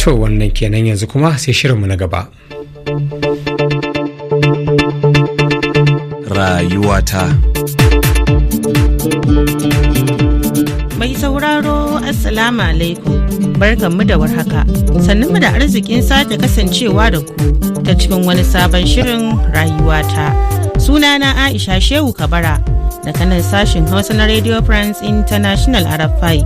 to wannan kenan yanzu kuma sai shirinmu na gaba rayuwata mai sauraro assalamu alaikum barkanmu da warhaka sannunmu da arzikin sake kasancewa da ku ta cikin wani sabon shirin rayuwata. Sunana Aisha Shehu Kabara daga nan sashen Hausa na Radio France International Arafai.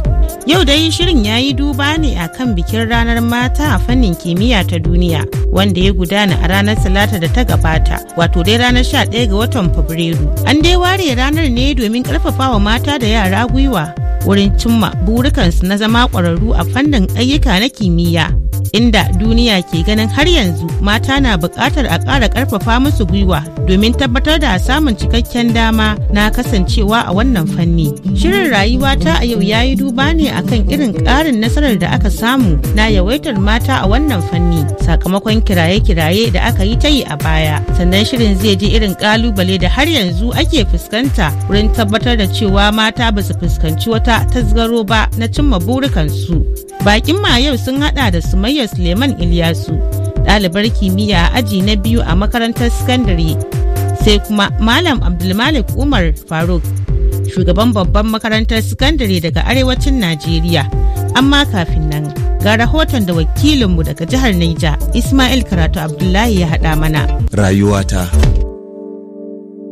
Yau dai shirin ya yi duba ne a kan bikin ranar mata a fannin kimiyya ta duniya wanda ya gudana a ranar Talata da ta gabata, wato dai ranar sha ɗaya ga watan Fabrairu. An dai ware ranar ne domin wa mata da yara gwiwa wurin cimma burikansu na zama ƙwararru a fannin ayyuka na kimiyya. inda duniya ke ganin har yanzu mata na buƙatar a ƙara ƙarfafa musu gwiwa domin tabbatar da samun cikakken dama na kasancewa a wannan fanni. Shirin rayuwa ta a yau yayi duba ne akan irin ƙarin nasarar da aka samu na yawaitar mata a wannan fanni sakamakon kiraye-kiraye da aka yi ta yi a baya. Sannan shirin zai je irin ƙalubale da har yanzu ake fuskanta wurin tabbatar da cewa mata ba su fuskanci wata tasgaro ba na cimma burukansu. Bakin ma yau sun hada da Sumayya Suleiman Ilyasu, ɗalibar kimiyya aji na biyu a makarantar sakandare, sai kuma Malam Abdulmalik Umar Faruk, shugaban babban makarantar sakandare daga arewacin Najeriya. Amma kafin nan, ga rahoton da wakilinmu daga jihar Naija, Ismail Karatu Abdullahi ya haɗa mana. Rayuwata.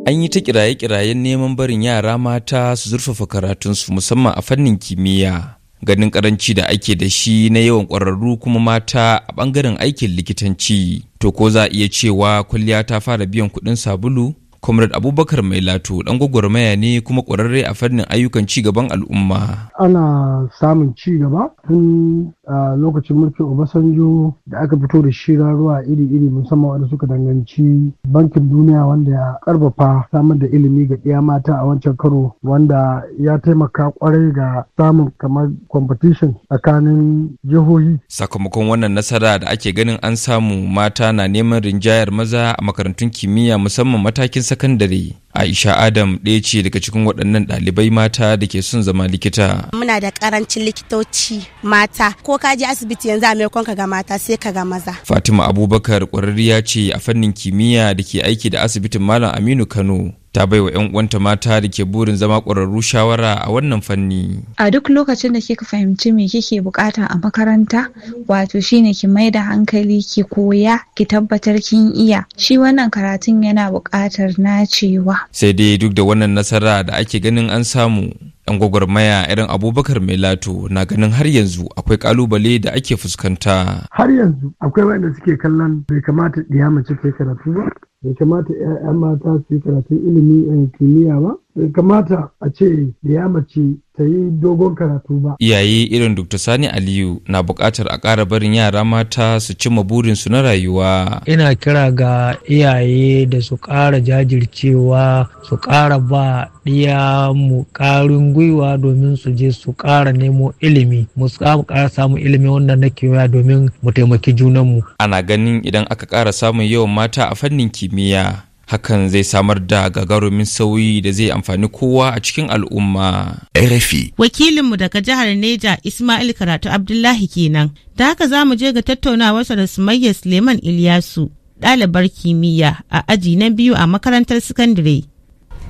an yi ta kiraye-kirayen neman barin yara mata su zurfafa karatunsu musamman a fannin kimiyya ganin karanci da ake da shi na yawan ƙwararru kuma mata a bangaren aikin likitanci to ko za a iya cewa kwalliya ta fara biyan kuɗin sabulu Comrade Abubakar Mai Lato dan gwagwarmaya ne kuma ƙwararre a fannin ayyukan cigaban al'umma. Ana samun ci gaba tun lokacin mulkin Obasanjo da aka fito da ruwa iri-iri musamman wanda suka danganci bankin duniya wanda ya karfafa samar da ilimi ga ɗiya mata a wancan karo wanda ya taimaka kwarai ga samun kamar competition tsakanin jihohi. Sakamakon wannan nasara da ake ganin an samu mata na neman rinjayar maza a makarantun kimiyya musamman matakin sakandare aisha adam ɗaya ce daga cikin waɗannan ɗalibai mata da ke son zama likita muna da ƙarancin likitoci mata ko ka je asibiti yanzu a maimakon ka ga mata sai ka ga maza fatima abubakar ƙwararriya ce a fannin kimiyya da ke aiki da asibitin malam aminu kano ta baiwa 'yan uwanta mata da ke burin zama ƙwararru shawara a wannan fanni. A duk lokacin da kika fahimci me kike bukata a makaranta, wato shine ki mai da hankali ki koya ki tabbatar kin iya. Shi wannan karatun yana bukatar nacewa. Sai dai duk da wannan nasara da ake ganin an samu, 'yan gwagwarmaya irin Abubakar Mai Lato na ganin har yanzu akwai kalubale da ake fuskanta. Har yanzu akwai wanda suke kallon bai kamata ɗiya mace ke karatu ba. bai kamata 'ya'ya mata su yi karatun ilimin kimiyya ba bai kamata a ce da ya mace ta yi dogon karatu ba. Iyaye irin Dr. Sani Aliyu na buƙatar a ƙara barin yara mata su cimma burinsu na rayuwa. Ina kira ga iyaye da su ƙara jajircewa su ƙara ba ɗiya mu ƙarin gwiwa domin su je su ƙara nemo ilimi mu ƙara samun ilimi wanda na kimiyya domin mu taimaki junanmu. Ana ganin idan aka ƙara samun yawan mata a fannin kimiyya hakan zai samar da gagarumin sauyi da zai amfani kowa a cikin al'umma. RFI. Wakilinmu daga jihar Neja Ismail Karatu Abdullahi kenan. Da haka za mu je ga tattaunawarsa da Sumayya Suleiman Ilyasu, ɗalibar kimiyya a aji na biyu a makarantar sakandare.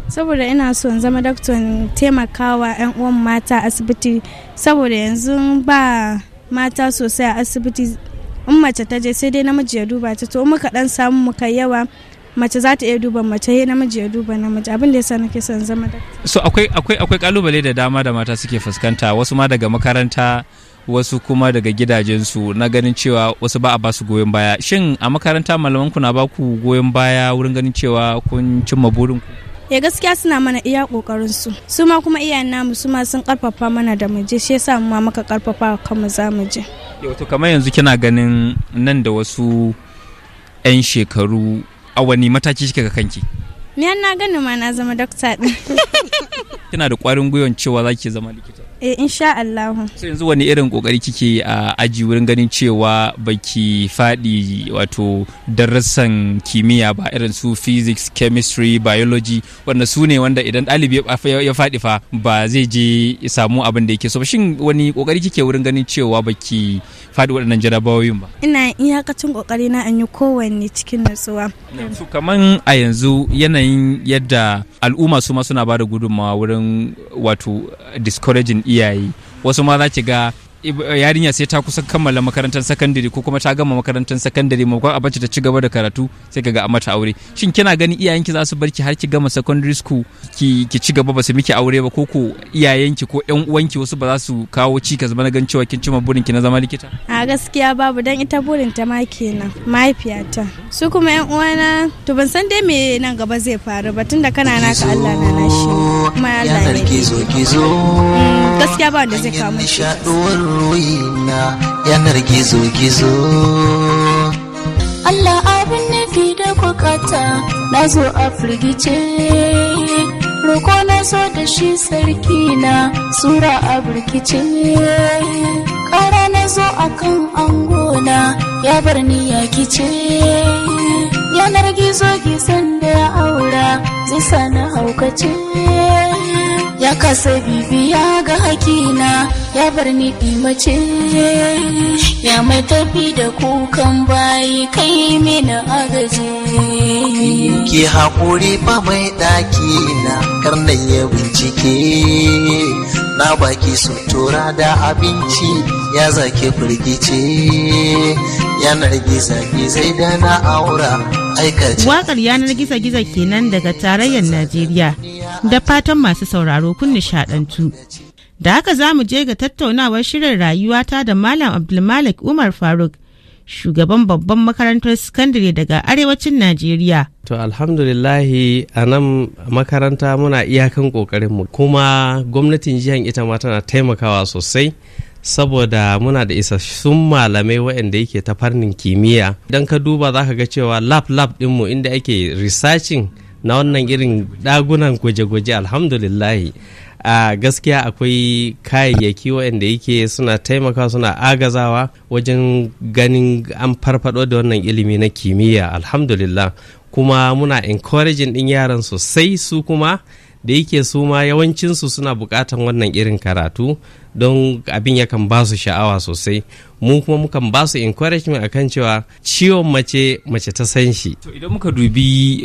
saboda ina so in zama daktan taimakawa 'yan uwan mata asibiti saboda yanzu ba mata sosai a asibiti in mace ta je sai dai namiji ya duba ta to muka dan samu muka yawa mace za ta iya duba mace ya namiji ya duba namiji abin da yasa nake son zama da. so akwai akwai akwai kalubale da dama da mata suke fuskanta wasu ma daga makaranta wasu kuma daga gidajensu na ganin cewa wasu ba a ba su goyon baya shin a makaranta malaman ku na ba ku goyon baya wurin ganin cewa kun cimma burin ku ya eh, gaskiya suna mana iya kokarin su su ma kuma iyayen namu su ma sun karfafa mana da muje shi yasa mu ma muka karfafa mu za mu je Yau to kamar yanzu kina ganin nan da wasu 'yan shekaru a wani mataki kika ga kanki ni na gani ma na zama dokta din kina da kwarin gwiwan cewa za ki zama likita eh insha Allah so yanzu wani irin kokari kike a aji wurin ganin cewa baki fadi wato darasan kimiyya ba irin su physics chemistry biology wanda su ne wanda idan ɗalibi ya fadi fa ba zai je samu abin da yake so shin wani kokari kike wurin ganin cewa baki fadi waɗannan jarabawoyin ba ina iyakacin kokari na an yi kowanne cikin natsuwa su kaman a yanzu yanayin yadda al'umma su ma suna ba da gudunmawa wurin wato discouraging iyaye wasu ma za ki ga Eh, yarinya sai ta kusa kammala makarantar sakandare ko kuma ta gama makarantar sakandare maimakon a bace ta ci gaba da karatu sai kaga a mata aure shin kina ganin iyayenki za su barki har ki gama secondary school ki ki ci gaba ba su miki aure ba ko ko iyayenki ko ƴan uwanki wasu ba za su kawo cika zama na gan cewa kin cima burin ki na zama likita a gaskiya babu dan ita burin ta ma kenan mahaifiyata su kuma ƴan uwana to ban san dai me nan gaba zai faru ba tunda kana naka Allah na shi kuma Allah ne mm, gaskiya ba wanda zai kawo ruina yanar gizo-gizo Allah abin nufi da bukata nazo a firgice roko na so da shi sarki na sura a birkice ƙara na zo a kan angona ya bar ni ya kice yanar gizo gizon da ya aura zai na haukace ya kasa bibiya ga hakina ya bar ni mace matafi tafi da kukan bayi kai mini agaji ke haƙuri ba mai ɗaki na karnan ya bincike na baki sutura da abinci ya zake firgice yanar gizo gizai da na aura aikace wakar yanar giza-giza kenan daga tarayyar najeriya da fatan masu sauraro kun nishaɗantu Da haka za mu je ga tattaunawar shirin rayuwata da Malam Abdulmalik Umar Faruk, shugaban babban makarantar sakandare daga arewacin Najeriya. To alhamdulillahi a nan makaranta muna iyakan ƙoƙarinmu kuma gwamnatin jihar ita ma tana taimakawa sosai. saboda muna da isassun malamai waɗanda yake ta farnin kimiyya idan ka duba za ka ga cewa lab lab ɗinmu inda ake researching na wannan irin dagunan gwaje-gwaje alhamdulillahi a gaskiya akwai kayayyaki waɗanda yake suna taimaka suna agazawa wajen ganin an farfado da wannan ilimi na kimiyya alhamdulillah kuma muna encouraging ɗin yaran sosai su kuma da yake su ma yawancinsu suna buƙatan wannan irin karatu don abin yakan ba su sha'awa sosai mun kuma mukan ba su encouragement akan cewa ciwon mace mace ta san shi to idan muka dubi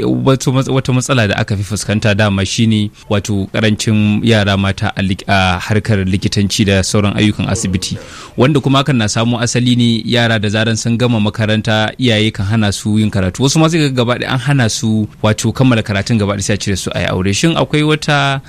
wata matsala da aka fi fuskanta dama shine wato karancin yara mata a harkar likitanci da sauran ayyukan asibiti wanda kuma hakan na samu asali ne yara da zaran sun gama makaranta iyaye kan hana su yin karatu wasu ma sai gaba an hana su wato kammala karatun gaba sai a cire su a yi aure shin akwai wata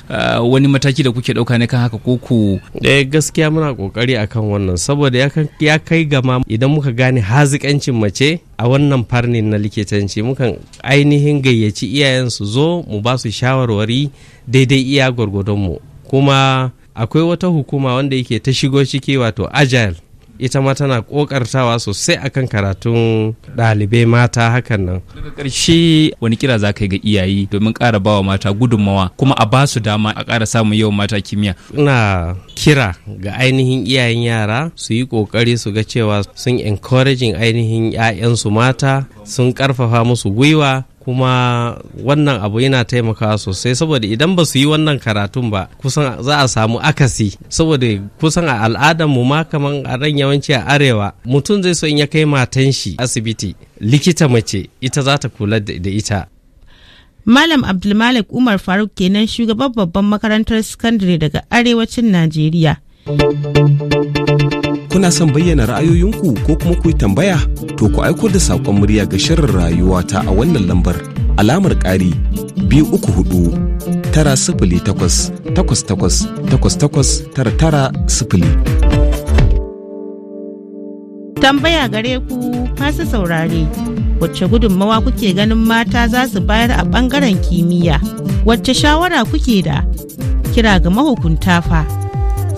wani mataki da kuke dauka ne kan haka ko ku gaskiya muna kokari akan wannan saboda ya kai gama idan muka gane hazikancin mace a wannan farnin na likitanci mukan ainihin gayyaci iyayensu zo mu ba su shawarwari daidai iya gwargwadonmu kuma akwai wata hukuma wanda yake ta shigo ciki wato agile ita ma tana kokartawa sosai akan karatun ɗalibai mata hakan nan daga ƙarshe wani kira za ka yi ga iyaye domin ƙara bawa mata gudunmawa kuma a ba su dama a ƙara samun yawan mata kimiyya ina kira ga ainihin iyayen yara su yi ƙoƙari su ga cewa sun encouraging ainihin 'ya'yansu mata sun ƙarfafa musu gwiwa kuma wannan abu yana taimakawa sosai saboda idan ba su yi wannan karatun ba kusan za a samu akasi saboda kusan a al'adar mu ma kaman a ran yawanci a arewa mutum zai so in ya kai matan shi asibiti likita mace ita za ta kula da ita Malam Abdulmalik Umar Faruk kenan shugaban babban makarantar sakandare daga arewacin Najeriya. Kuna son bayyana ra'ayoyinku ko kuma ku yi tambaya? To ku aiko da saƙon murya ga shirin rayuwa ta a wannan lambar alamar ƙari biyu uku hudu tara sifili takwas takwas takwas takwas takwas tara tara sifili. Tambaya gare ku masu saurare. wacce gudunmawa kuke ganin mata za su bayar a ɓangaren kimiyya wacce shawara kuke da kira ga mahukunta fa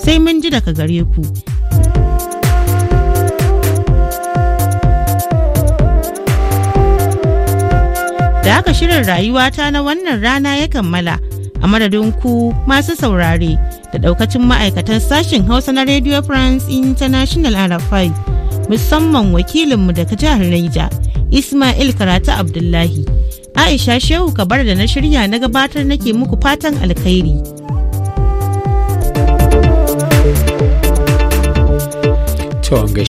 sai mun ji daga gare ku Da haka shirin rayuwata na wannan rana ya kammala a madadin ku masu saurare da daukacin ma'aikatan sashen Hausa na Radio France International RFI musamman wakilinmu daga jihar Naija, Ismail Karatu Abdullahi. Aisha Shehu Kabar da na shirya na gabatar nake muku fatan alkhairi.